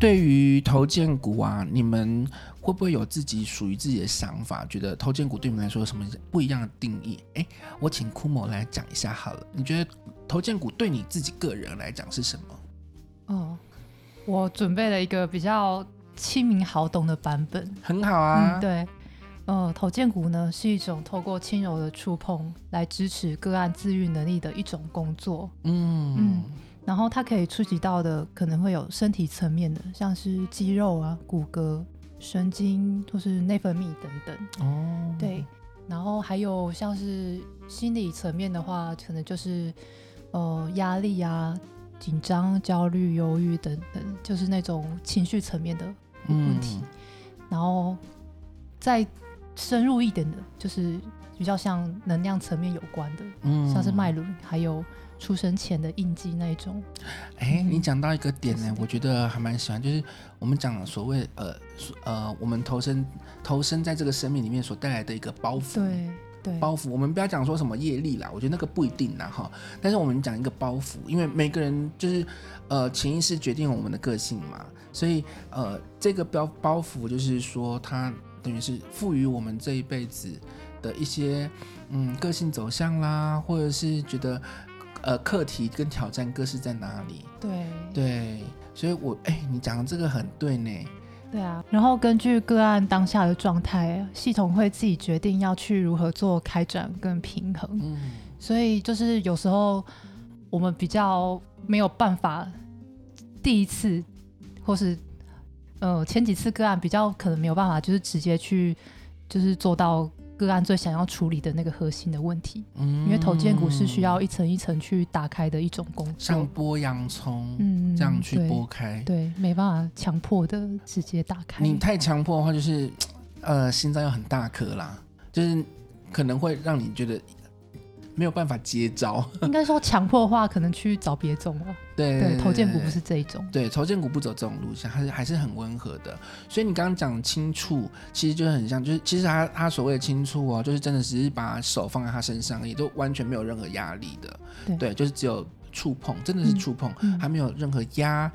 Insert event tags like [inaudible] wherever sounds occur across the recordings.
對於頭薦骨啊，你們會不會有自己屬於自己的想法？覺得頭薦骨對你們來說有什麼不一樣的定義？哎，我請 Kumo 來講一下好了。你覺得頭薦骨對你自己個人來講是什麼？哦，我準備了一個比較親民好懂的版本，很好啊。嗯、對，呃、哦，頭薦骨呢是一種透過輕柔的觸碰來支持個案自愈能力的一種工作。嗯。嗯然後它可以觸及到的可能會有身體層面的，像是肌肉啊、骨骼、神經或是內分泌等等。哦，對，然後還有像是心理層面的話，可能就是呃壓力啊、緊張、焦慮、憂鬱等等，就是那種情緒層面的問題。嗯、然後再深入一點的，就是。比較像能量層面有關的，嗯、像是脈輪，還有出生前的印記那一種。哎、欸，你講到一個點呢、欸，嗯、我覺得還蠻喜歡，就是我們講所謂呃呃，我們投身投身在這個生命裡面所帶來的一個包袱。對對，對包袱。我們不要講說什麼業力啦，我覺得那個不一定啦。哈。但是我們講一個包袱，因為每個人就是呃潛意識決定我們的個性嘛，所以呃這個包包袱就是說，它等於是賦予我們這一輩子，的一些嗯個性走向啦，或者是覺得呃課題跟挑戰各是在哪裡。對對，所以我哎、欸，你講的這個很對呢。對啊，然後根據個案當下的狀態，系統會自己決定要去如何做開展跟平衡。嗯，所以就是有時候我們比較沒有辦法第一次，或是呃前幾次個案比較可能沒有辦法，就是直接去就是做到。個案最想要處理的那個核心的問題，嗯、因為頭薦骨是需要一層一層去打開的一種工作，像剝洋蔥，嗯，這樣去剝開，對，對，沒辦法強迫的直接打開。你太強迫的話，就是，呃，心臟要很大顆啦，就是可能會讓你覺得。沒有辦法接招， [laughs] 應該說強迫的話可能去找別種了。對，對，頭薦骨不是這一種，對，頭薦骨不走這種路線，還是還是很溫和的。所以你剛剛講的輕觸，其實就是很像，就是其實他他所謂的輕觸哦、啊，就是真的只是把手放在他身上，也都完全沒有任何壓力的。對，對，就是只有觸碰，真的是觸碰，嗯嗯、還沒有任何壓、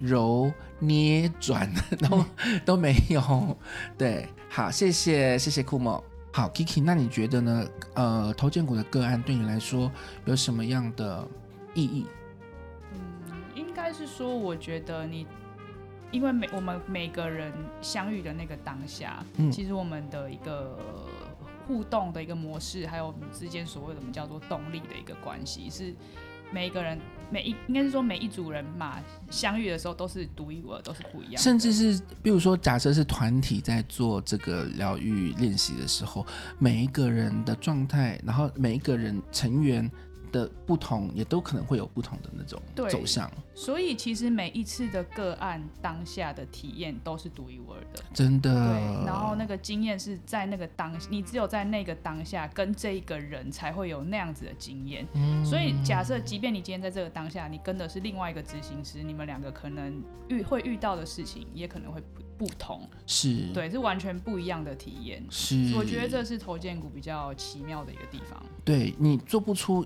揉、捏、轉的都、嗯、都沒有。對，好，謝謝謝謝 Kumo。好，Kiki，那你覺得呢？呃，頭薦骨的個案對你來說有什麼樣的意義？嗯，應該是說，我覺得你，因為每我們每個人相遇的那個當下，嗯，其實我們的一個互動的一個模式，還有我們之間所謂的我們叫做動力的一個關係是。每一個人，每一，應該是說每一組人嘛，相遇的時候，都是獨一無二，都是不一樣。甚至是，比如說，假設是團體在做這個療癒練習的時候，每一個人的狀態，然後每一個人成員。的不同，也都可能會有不同的那種走向。對，所以，其實每一次的個案當下的體驗都是獨一無二的，真的。對，然後那個經驗是在那個當，你只有在那個當下跟這一個人才會有那樣子的經驗。嗯、所以，假設即便你今天在這個當下，你跟的是另外一個執行師，你們兩個可能遇會遇到的事情也可能會不同。是，對，是完全不一樣的體驗。是，我覺得這是頭薦骨比較奇妙的一個地方。對，你做不出。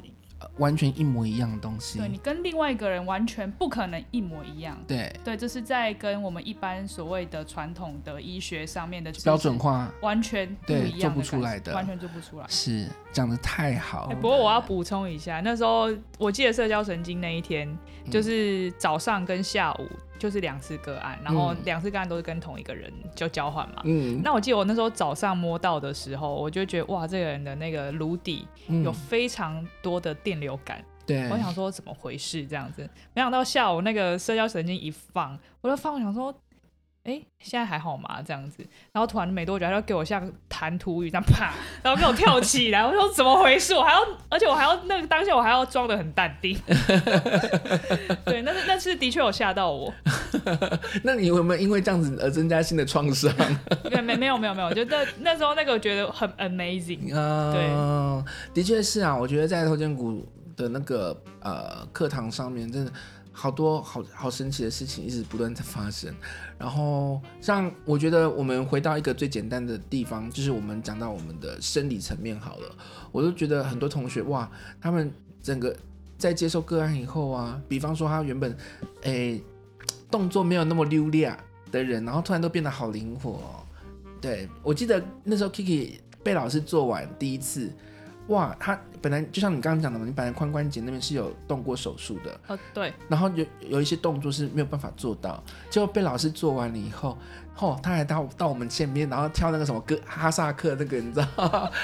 完全一模一樣的東西，對，你跟另外一個人完全不可能一模一樣。對對，這是在跟我們一般所謂的傳統的醫學上面的標準化，完全，對，做不出來的，完全做不出來。是講得太好了、欸。不過我要補充一下，那時候我記得社交神經那一天，就是早上跟下午。嗯就是兩次個案，然後兩次個案都是跟同一個人就交換嘛。嗯、那我記得我那時候早上摸到的時候，我就覺得哇，這個人的那個顱底有非常多的電流感。嗯、對，我想說怎麼回事這樣子，沒想到下午那個社交神經一放，我就放，我想說。哎、欸，現在還好嗎？這樣子，然後突然沒多久，他就給我像彈塗魚這樣啪，然後給我跳起來。 [laughs] 我說怎麼回事？我還要，而且我還要那個當下我還要裝得很淡定。 [laughs] [laughs] 對，那是但是的確有嚇到我。 [laughs] 那你有沒有因為這樣子而增加新的創傷？沒 [laughs] 沒沒有沒有，我覺得那時候那個我覺得很 amazing。嗯，的確是啊，我覺得在頭薦骨的那個呃課堂上面，真的。好多好好神奇的事情一直不斷在發生，然後像我覺得我們回到一個最簡單的地方，就是我們講到我們的生理層面好了，我都覺得很多同學哇，他們整個在接受個案以後啊，比方說他原本誒、欸、動作沒有那麼流利的人，然後突然都變得好靈活，哦。對我記得那時候 Kiki 被老師做完第一次。哇，他本來就像你剛剛講的嘛，你本來髖關節那邊是有動過手術的，好、哦、對，然後有有一些動作是沒有辦法做到，結果被老師做完了以後，哦，他還到到我們前面，然後跳那個什麼歌哈薩克那個，你知道？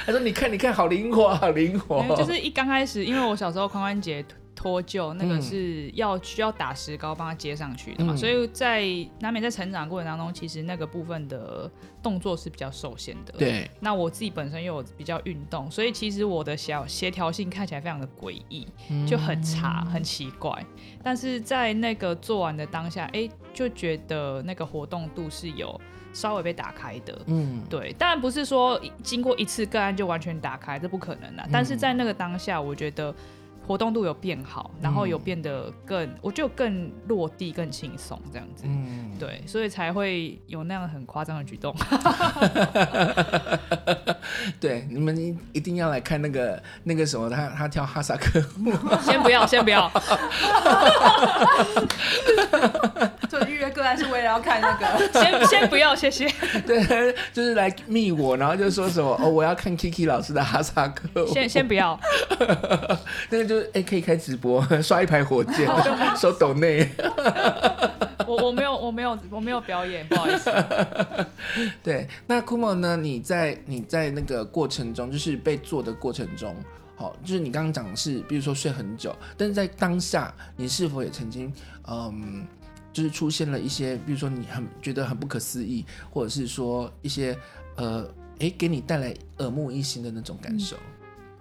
他 [laughs] 說你看你看好靈活，好靈活。沒有，就是一剛開始，因為我小時候髖關節。脫臼那個是要需要打石膏幫他接上去的嘛，嗯、所以在難免在成長過程當中，其實那個部分的動作是比較受限的。對，那我自己本身又有比較運動，所以其實我的協調性看起來非常的詭異，就很差、嗯、哼很奇怪。但是在那個做完的當下，哎、欸，就覺得那個活動度是有稍微被打開的。嗯，對，當然不是說經過一次個案就完全打開，這不可能的。嗯、但是在那個當下，我覺得。活動度有變好，然後有變得更，嗯、我就更落地、更輕鬆這樣子，嗯、對，所以才會有那樣很誇張的舉動。 [laughs] [laughs] 對，你們一定要來看那個那個什麼，他他跳哈薩克。 [laughs] 先不要，先不要。 [laughs] [laughs] 但 [music] 是為了要看那個， [laughs] 先先不要，謝謝。對，就是來密我，然後就說什麼哦，我要看 Kiki 老師的哈薩克。 [laughs] 先先不要， [laughs] 那個就是哎、欸，可以開直播，刷一排火箭， [laughs] 啊、手抖斗內。 [laughs] 我我沒有我沒有我沒有表演，不好意思。 [laughs] 對，那 Kumo 呢？你在你在那個過程中，就是被做的過程中，好，就是你剛剛講的是，比如說睡很久，但是在當下，你是否也曾經嗯？就是出現了一些，比如說你很覺得很不可思議，或者是說一些，呃，哎、欸，給你帶來耳目一新的那種感受。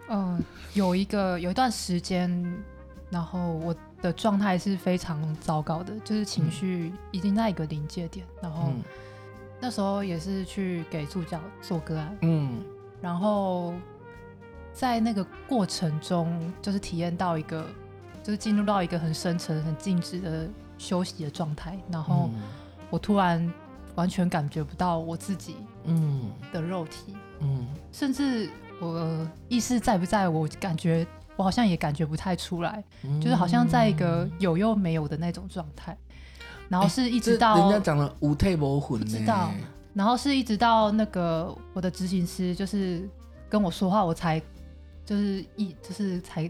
嗯、呃，有一個有一段時間，然後我的狀態是非常糟糕的，就是情緒已經在一個臨界點。嗯、然後那時候也是去給助教做個案。嗯，然後在那個過程中，就是體驗到一個，就是進入到一個很深沉、很靜止的。休息的狀態，然後我突然完全感覺不到我自己的肉體，嗯，嗯嗯甚至我意識在不在，我感覺我好像也感覺不太出來，嗯、就是好像在一個有又沒有的那種狀態。然後是一直到、欸、人家講了無體無魂，不知道。然後是一直到那個我的執行師就是跟我說話，我才就是一就是才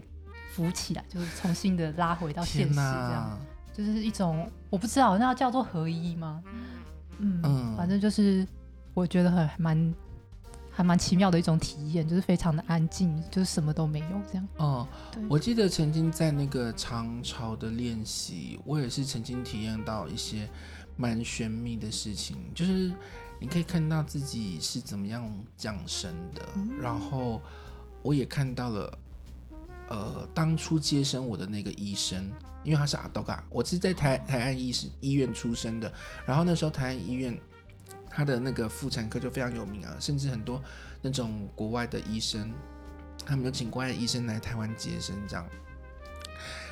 浮起來，就是重新的拉回到現實這樣。就是一種我不知道，那叫做合一嗎？嗯，嗯反正就是我覺得還蠻，還蠻奇妙的一種體驗，就是非常的安靜，就是什麼都沒有這樣。嗯，對我記得曾經在那個長潮的練習，我也是曾經體驗到一些蠻玄祕的事情，就是你可以看到自己是怎麼樣降生的，嗯、然後我也看到了。呃，當初接生我的那個醫生，因為他是阿德噶，我是在台台安醫師醫院出生的。然後那時候台安醫院他的那個婦產科就非常有名啊，甚至很多那種國外的醫生，他們有請國外醫生來台灣接生這樣。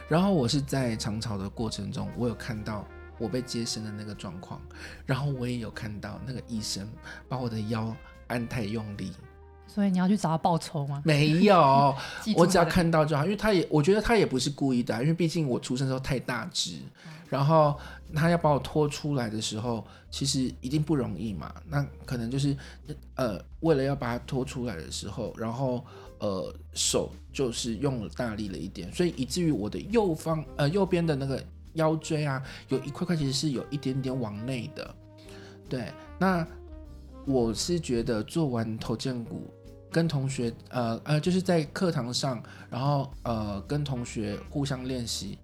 然後我是在長潮的過程中，我有看到我被接生的那個狀況，然後我也有看到那個醫生把我的腰按太用力。所以你要去找他報仇嗎？沒有，我只要看到就好，因為他也，我覺得他也不是故意的啊，因為畢竟我出生的時候太大只，然後他要把我拖出來的時候，其實一定不容易嘛。那可能就是，呃，為了要把他拖出來的時候，然後呃手就是用了大力了一點，所以以至於我的右方呃右邊的那個腰椎啊，有一塊塊其實是有一點點往內的，對，那。我是覺得做完頭薦骨，跟同學呃呃，就是在課堂上，然後呃跟同學互相練習，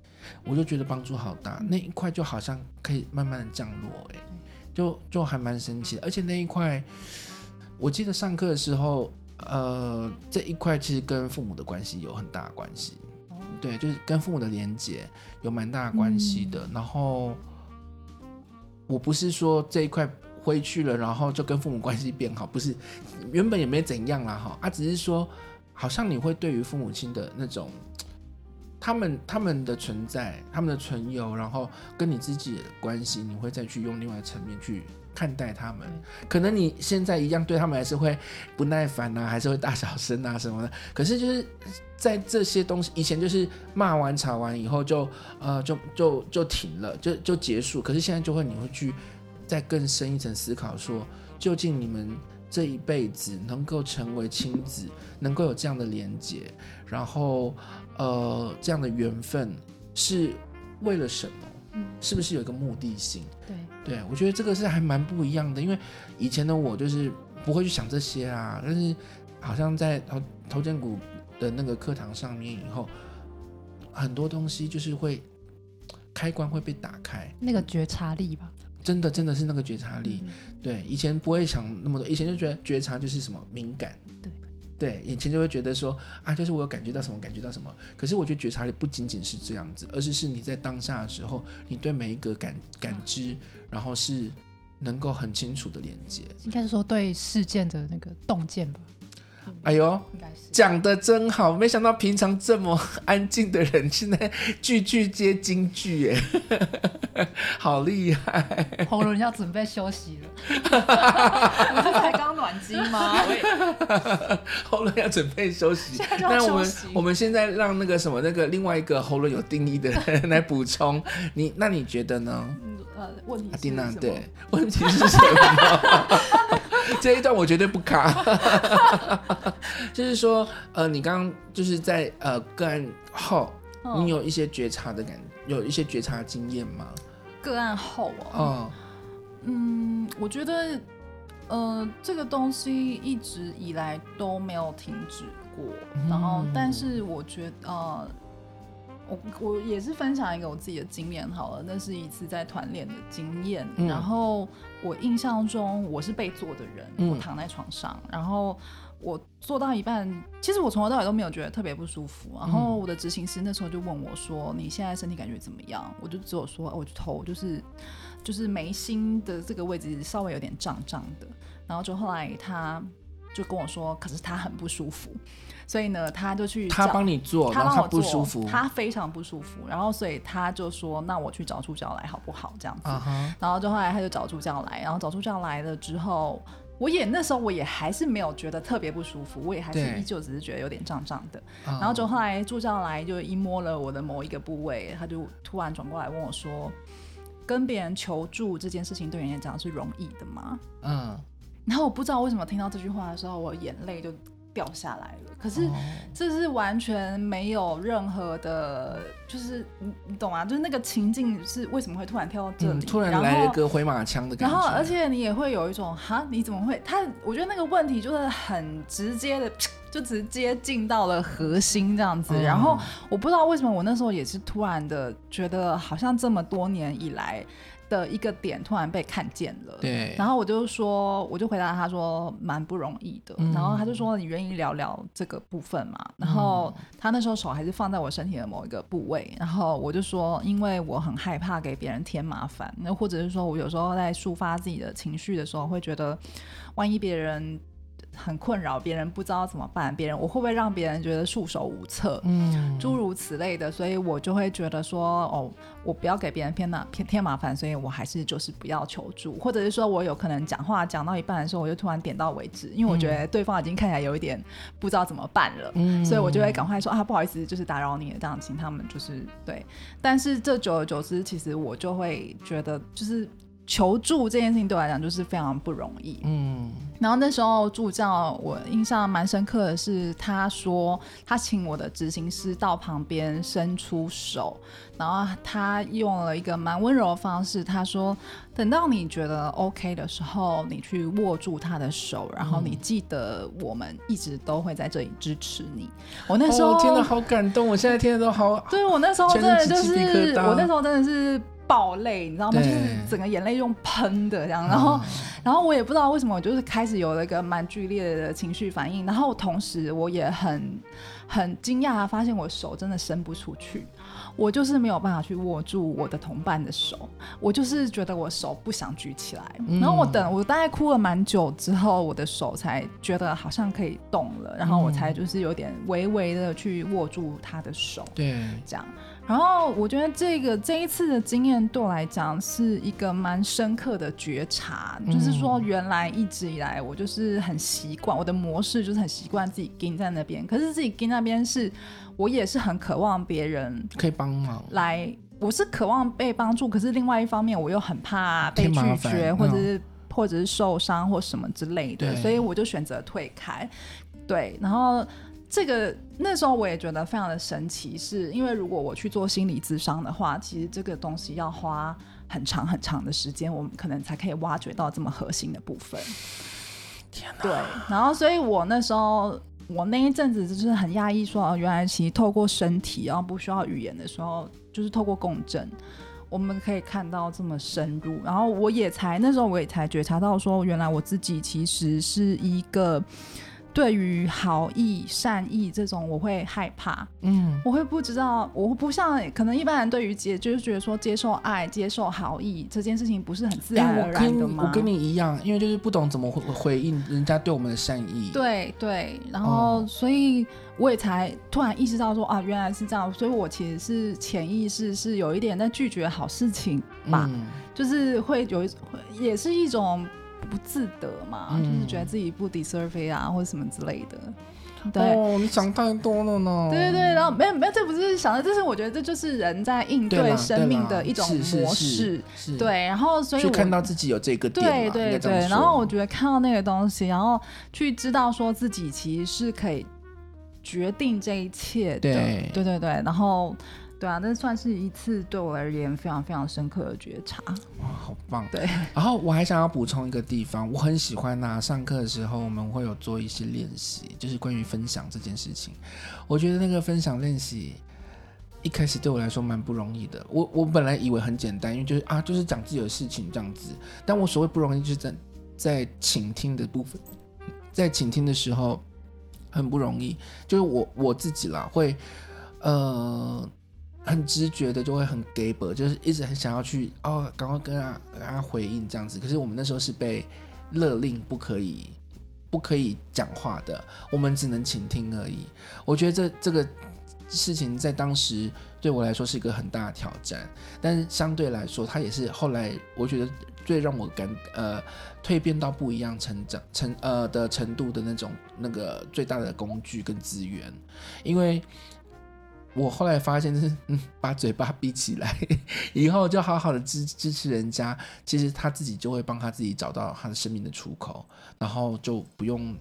我就覺得幫助好大，那一塊就好像可以慢慢的降落、欸，哎，就就還蠻神奇的。而且那一塊，我記得上課的時候，呃，這一塊其實跟父母的關係有很大關係，對，就是跟父母的連接有蠻大關係的。嗯、然後，我不是說這一塊。回去了，然後就跟父母關係變好，不是原本也沒怎樣啦，哈，啊，只是說好像你會對於父母親的那種，他們他們的存在，他們的存有，然後跟你自己的關係，你會再去用另外一層面去看待他們。可能你現在一樣，對他們還是會不耐煩吶、啊，還是會大小聲啊什麼的。可是就是在這些東西以前，就是罵完吵完以後就呃就就就停了，就就結束。可是現在就會你會去。再更深一層思考，說究竟你們這一輩子能夠成為親子，能夠有這樣的連結，然後呃這樣的緣分是為了什麼？嗯，是不是有一個目的性？對對，我覺得這個是還蠻不一樣的。因為以前的我就是不會去想這些啊，但是好像在頭頭薦骨的那個課堂上面以後，很多東西就是會開關會被打開，那個覺察力吧。真的，真的是那個覺察力，嗯、對，以前不會想那麼多，以前就覺得覺察就是什麼敏感，對，對，以前就會覺得說啊，就是我有感覺到什麼，感覺到什麼。可是我覺得覺察力不僅僅是這樣子，而是是你在當下的時候，你對每一個感感知，然後是能夠很清楚的連接，應該是說對事件的那個洞見吧。嗯、哎呦，講得真好！沒想到平常這麼安靜的人，現在句句皆金句，哎，好厲害！喉嚨要準備休息了，你不是才剛暖機嗎？喉嚨 [laughs] [laughs] 要準備休息，那我們息我們現在讓那個什麼那個另外一個喉嚨有定義的人來補充。你那你覺得呢？呃，阿丁娜，啊，對，問題是什麼？ [laughs] [laughs] 這一段我絕對不卡， [laughs] [laughs] 就是說，呃，你剛剛就是在呃個案後，哦、你有一些覺察的感覺，有一些覺察經驗嗎？個案後啊、哦，哦、嗯，我覺得，呃，這個東西一直以來都沒有停止過，嗯、然後，但是我覺得，呃。我也是分享一個我自己的經驗好了，那是一次在團練的經驗。嗯、然後我印象中我是被做的人，嗯、我躺在床上，然後我做到一半，其實我從頭到尾都沒有覺得特別不舒服。然後我的執行師那時候就問我說：“你現在身體感覺怎麼樣？”我就只有說：“哦、我就頭就是就是眉心的這個位置稍微有點脹脹的。”然後就後來他就跟我說：“可是他很不舒服。”所以呢，他就去他幫你做，他，讓我做他不舒服，他非常不舒服。然後，所以他就說：“那我去找助教來，好不好？”這樣子。Uh huh. 然後，就後來他就找助教來。然後找助教來了之後，我也那時候我也還是沒有覺得特別不舒服，我也還是依舊只是覺得有點脹脹的。對然後就後來助、uh huh. 教來就一摸了我的某一個部位，他就突然轉過來問我說：“跟別人求助這件事情對人家講是容易的嗎？”嗯、uh。Huh. 然後我不知道為什麼聽到這句話的時候，我眼淚就。掉下來了，可是這是完全沒有任何的，哦、就是你你懂嗎、啊？就是那個情境是為什麼會突然跳到這裡？嗯、突然來一個回馬槍的感覺。然後，然後而且你也會有一種哈，你怎麼會？他我覺得那個問題就是很直接的，就直接進到了核心這樣子。嗯、然後我不知道為什麼我那時候也是突然的覺得，好像這麼多年以來。的一個點突然被看見了，對。然後我就說，我就回答他說，蠻不容易的。嗯。然後他就說，你願意聊聊這個部分嗎？嗯。然後他那時候手還是放在我身體的某一個部位，然後我就說，因為我很害怕給別人添麻煩，那或者是說我有時候在抒發自己的情緒的時候，會覺得萬一別人。很困擾別人不知道怎麼辦，別人，我會不會讓別人覺得束手無策？嗯，諸如此類的，所以我就會覺得說，哦，我不要給別人添那添添麻煩，所以我還是就是不要求助，或者是說我有可能講話講到一半的時候，我就突然點到為止，因為我覺得對方已經看起來有一點不知道怎麼辦了，嗯，所以我就會趕快說啊，不好意思，就是打擾你，這樣請他們就是對。但是這久而久之，其實我就會覺得就是。求助這件事情對我來講就是非常不容易，嗯。然後那時候助教我印象蠻深刻的是，他說他請我的執行師到旁邊伸出手，然後他用了一個蠻溫柔的方式，他說等到你覺得 OK 的時候，你去握住他的手，嗯、然後你記得我們一直都會在這裡支持你。我那時候聽的、哦、好感動，我現在聽的都好，對我那時候真的就是我那時候真的是。爆淚，你知道嗎？對就是整個眼淚用噴的這樣，然後，嗯、然後我也不知道為什麼，我就是開始有了一個蠻劇烈的情緒反應，然後同時我也很很驚訝，發現我手真的伸不出去。我就是沒有辦法去握住我的同伴的手，我就是覺得我手不想舉起來。嗯、然後我等，我大概哭了蠻久之後，我的手才覺得好像可以動了，然後我才就是有點微微的去握住他的手。對、嗯，這樣。然後我覺得這個這一次的經驗對我來講是一個蠻深刻的覺察，嗯、就是說原來一直以來我就是很習慣我的模式，就是很習慣自己跟在那邊，可是自己跟那邊是。我也是很渴望別人可以幫忙來，我是渴望被幫助，可是另外一方面我又很怕被拒絕，或者是、嗯、或者是受傷或什麼之類的，對所以我就選擇退開。對，然後這個那時候我也覺得非常的神奇是，是因為如果我去做心理諮商的話，其實這個東西要花很長很長的時間，我們可能才可以挖掘到這麼核心的部分。天哪、啊！對，然後所以我那時候。我那一陣子就是很壓抑，說原來其實透過身體，然後不需要語言的時候，就是透過共振，我們可以看到這麼深入。然後我也才那時候，我也才覺察到說，原來我自己其實是一個。對於好意、善意這種，我會害怕，嗯，我會不知道，我不像可能一般人，對於接就是覺得說接受愛、接受好意這件事情不是很自然而然的嗎？欸、我跟，我跟你一樣，因為就是不懂怎麼回回應人家對我們的善意。對對，然後所以我也才突然意識到說、嗯、啊，原來是這樣，所以我其實是潛意識是有一點在拒絕好事情吧，嗯、就是會有，會也是一種。不自得嘛，就是覺得自己不 deserve 啊，嗯、或者什麼之類的。對，哦、你想太多了呢。對對，然後沒有沒有，這不是想的，這是我覺得這就是人在應對生命的一種模式。對，對，是是是對，然後所以就看到自己有這個點，對，對對對。然後我覺得看到那個東西，然後去知道說自己其實是可以決定這一切的。對對對對，然後。對啊，那算是一次對我而言非常非常深刻的覺察。哇，好棒！對，然後我還想要補充一個地方，我很喜歡吶。上課的時候我們會有做一些練習，就是關於分享這件事情。我覺得那個分享練習一開始對我來說蠻不容易的。我我本來以為很簡單，因為就是啊，就是講自己的事情這樣子。但我所謂不容易，就是在在傾聽的部分，在傾聽的時候很不容易。就是我我自己啦，會呃。很直覺的就會很 gable，就是一直很想要去哦，趕快跟他跟他回應這樣子。可是我們那時候是被勒令不可以不可以講話的，我們只能傾聽而已。我覺得這這個事情在當時對我來說是一個很大的挑戰，但是相對來說，它也是後來我覺得最讓我感呃蛻變到不一樣成長成呃的程度的那種那個最大的工具跟資源，因為。我後來發現、就是、嗯，把嘴巴閉起來，以後就好好的支支持人家，其實他自己就會幫他自己找到他的生命的出口，然後就不用，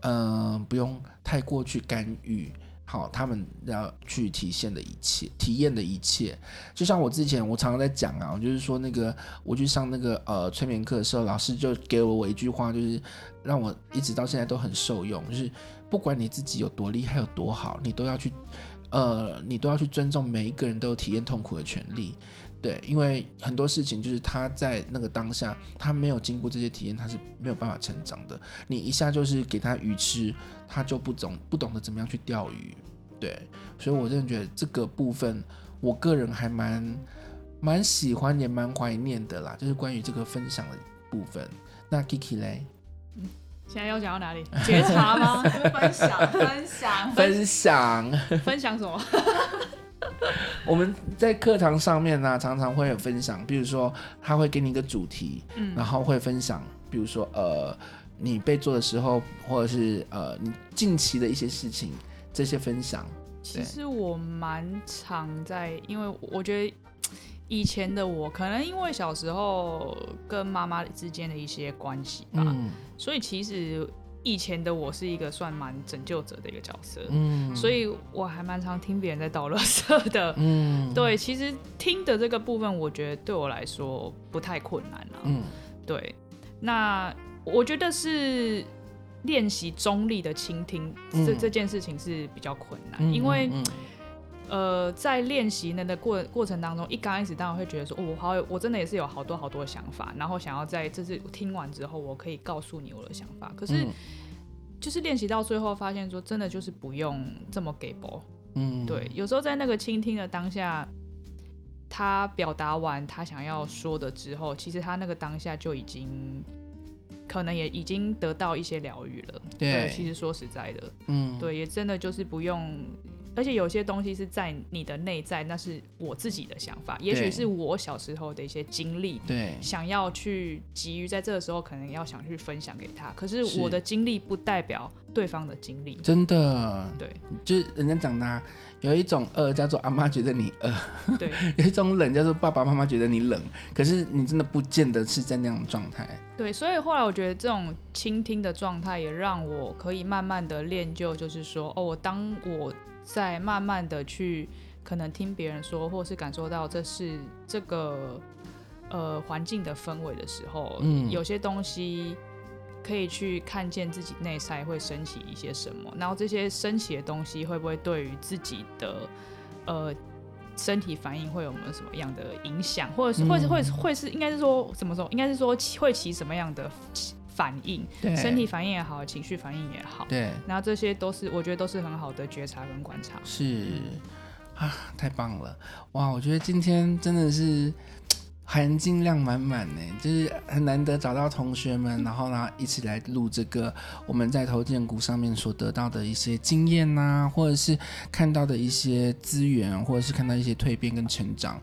嗯、呃，不用太過去干預，好，他們要去體現的一切，體驗的一切，就像我之前我常常在講啊，就是說那個我去上那個呃催眠課的時候，老師就給我我一句話，就是讓我一直到現在都很受用，就是不管你自己有多厲害，有多好，你都要去。呃，你都要去尊重每一個人都有體驗痛苦的權利，對，因為很多事情就是他在那個當下，他沒有經過這些體驗，他是沒有辦法成長的。你一下就是給他魚吃，他就不懂不懂得怎麼樣去釣魚，對，所以我真的覺得這個部分，我個人還蠻蠻喜歡，也蠻懷念的啦，就是關於這個分享的部分。那 KiKi 嘞？現在要講到哪裡？覺察嗎？ [laughs] 分享，分享，分享，分， [laughs] 分享什麼？ [laughs] 我們在課堂上面呢、啊，常常會有分享，比如說他會給你一個主題，嗯，然後會分享，比如說呃，你被做的時候，或者是呃，你近期的一些事情，這些分享。其實我蠻常在，因為我覺得。以前的我，可能因為小時候跟媽媽之間的一些關係吧，嗯、所以其實以前的我是一個算蠻拯救者的一個角色。嗯，所以我還蠻常聽別人在倒垃圾的。嗯，對，其實聽的這個部分，我覺得對我來說不太困難了。嗯，對。那我覺得是練習中立的傾聽，嗯、這這件事情是比較困難，嗯、因為。呃，在練習的的過過程當中，一剛開始當然會覺得說，哦，我好，我真的也是有好多好多想法，然後想要在這次聽完之後，我可以告訴你我的想法。可是，嗯、就是練習到最後，發現說，真的就是不用這麼雞婆。嗯，對。有時候在那個傾聽的當下，他表達完他想要說的之後，其實他那個當下就已經，可能也已經得到一些療癒了。對。對，其實說實在的，嗯，對，也真的就是不用。而且有些東西是在你的內在，那是我自己的想法，對也許是我小時候的一些經歷，對，想要去急於在這個時候，可能要想去分享給他。可是我的經歷不代表對方的經歷，真的，對，就是人家講的有一種餓、呃、叫做阿媽覺得你餓、呃，對， [laughs] 有一種冷叫做爸爸媽媽覺得你冷，可是你真的不見得是在那種狀態。對，所以後來我覺得這種傾聽的狀態也讓我可以慢慢的練就，就是說，哦，我當我。在慢慢的去，可能聽別人說，或是感受到這是這個呃環境的氛圍的時候，嗯，有些東西可以去看見自己內在會升起一些什麼，然後這些升起的東西會不會對於自己的呃身體反應會有沒有什麼樣的影響，或者是會會會是，是應該是說怎麼說，應該是說會起什麼樣的？反應，對身體反應也好，情緒反應也好，對，然後這些都是我覺得都是很好的覺察跟觀察。是啊，太棒了哇！我覺得今天真的是含金量滿滿呢，就是很難得找到同學們，嗯、然後呢一起來錄這個我們在頭薦骨上面所得到的一些經驗吶、啊，或者是看到的一些資源，或者是看到一些蛻變跟成長，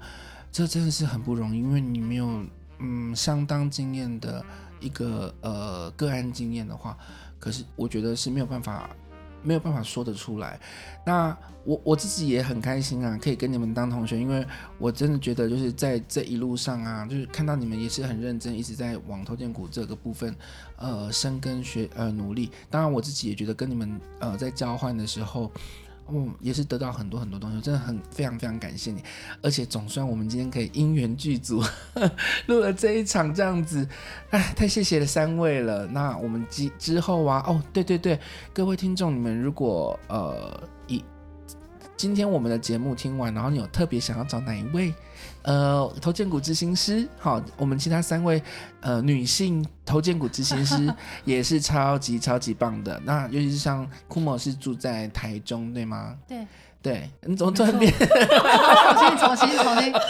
這真的是很不容易，因為你沒有嗯相當經驗的。一個呃個案經驗的話，可是我覺得是沒有辦法，沒有辦法說得出來。那我我自己也很開心啊，可以跟你們當同學，因為我真的覺得就是在這一路上啊，就是看到你們也是很認真，一直在往頭薦骨這個部分呃深耕學呃努力。當然我自己也覺得跟你們呃在交換的時候。嗯，也是得到很多很多東西，我真的很非常非常感謝你，而且總算我們今天可以因緣具足，哈，錄了這一場這樣子，哎，太謝謝了三位了。那我們之之後啊，哦，對對對，各位聽眾，你們如果呃一，今天我們的節目聽完，然後你有特別想要找哪一位呃，頭薦骨執行師，好，我們其他三位呃女性頭薦骨執行師也是超級超級棒的。 [laughs] 那尤其是像 Kumo 是住在台中，對嗎？對對，你怎麼突然變？重新重新重新，對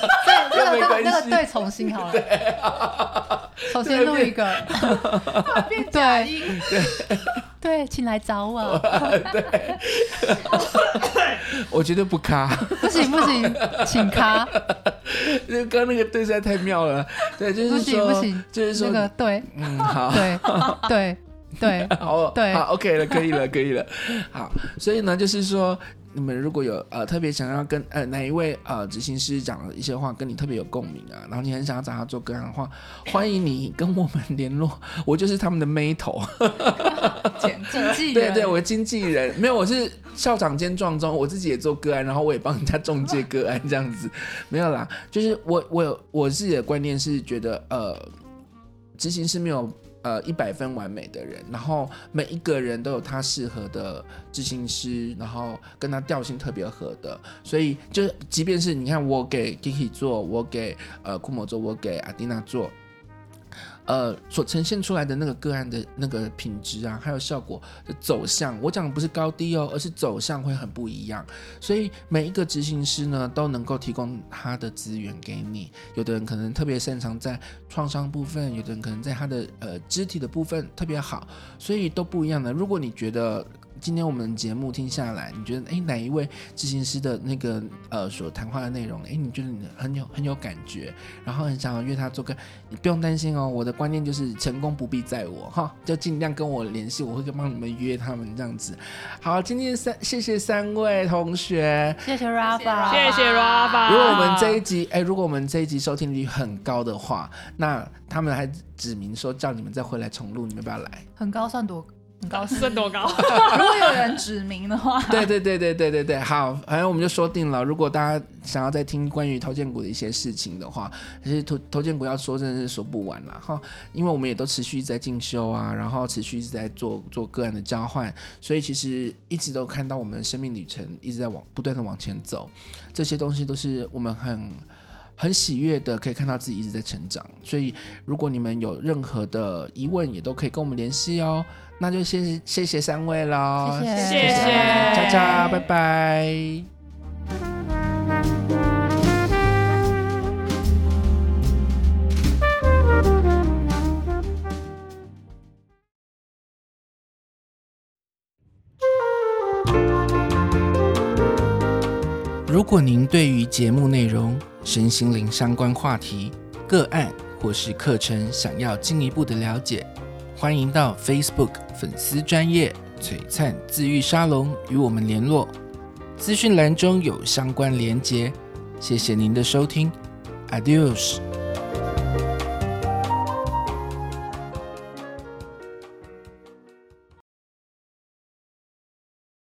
那、這個、這個、這個、對重新好了，對對重新錄一個，對 [laughs] 變假音對。對。對，請來找我。 [laughs] [laughs] 對，我覺得不咖。 [laughs] 不行不行，請咖。 [laughs] 就剛剛那個對賽太妙了，對，就是說，就是說，對，嗯，好，對， [laughs] 對，對，好對，好，好，OK 了，可以了，可以了， [laughs] 好，所以呢，就是說。你們如果有呃特別想要跟呃哪一位呃執行師講一些話，跟你特別有共鳴啊，然後你很想要找他做個案的話，歡迎你跟我們聯絡。我就是他們的妹頭，哈哈哈經紀人。對對，我的經紀人。沒有，我是校長兼撞鐘，我自己也做個案，然後我也幫人家仲介個案這樣子。沒有啦，就是我我我自己的觀念是覺得呃執行師沒有。呃，一百分完美的人，然後每一個人都有他適合的執行師，然後跟他調性特別合的，所以就即便是你看我給 Kiki 做，我給呃 Kumo 做，我給 Adina 做。呃，所呈現出來的那個個案的那個品質啊，還有效果的走向，我講的不是高低哦，而是走向會很不一樣。所以每一個執行師呢，都能夠提供他的資源給你。有的人可能特別擅長在創傷部分，有的人可能在他的呃肢體的部分特別好，所以都不一樣的。如果你覺得，今天我們節目聽下來，你覺得哎，哪一位執行師的那個呃所談話的內容，哎，你覺得你很有很有感覺，然後很想要約他做個，你不用擔心哦，我的觀念就是成功不必在我哈，就盡量跟我聯繫，我會幫你們約他們這樣子。好，今天三謝謝三位同學，謝謝 Rafa，謝謝 Rafa。如果我們這一集哎，如果我們這一集收聽率很高的話，那他們還指明說叫你們再回來重錄，你們要不要來？很高算多。高是多高？ [laughs] [laughs] [laughs] 如果有人指名的話， [laughs] 對對對對對對對，好，反、哎、正我們就說定了。如果大家想要再聽關於頭薦骨的一些事情的話，可是頭、頭薦骨要說真的是說不完了哈，因為我們也都持續一直在進修啊，然後持續一直在做做個案的交換，所以其實一直都看到我們的生命旅程一直在往不斷的往前走，這些東西都是我們很很喜悅的，可以看到自己一直在成長。所以如果你們有任何的疑問，也都可以跟我們聯繫哦。那就謝謝謝謝三位囉，謝謝，謝謝佳佳，拜拜。如果您對於節目內容、身心靈相關話題、個案或是課程，想要進一步的了解，歡迎到 Facebook 粉絲專頁璀璨自遇沙龍與我們聯絡，資訊欄中有相關連接。謝謝您的收聽，Adios。Ad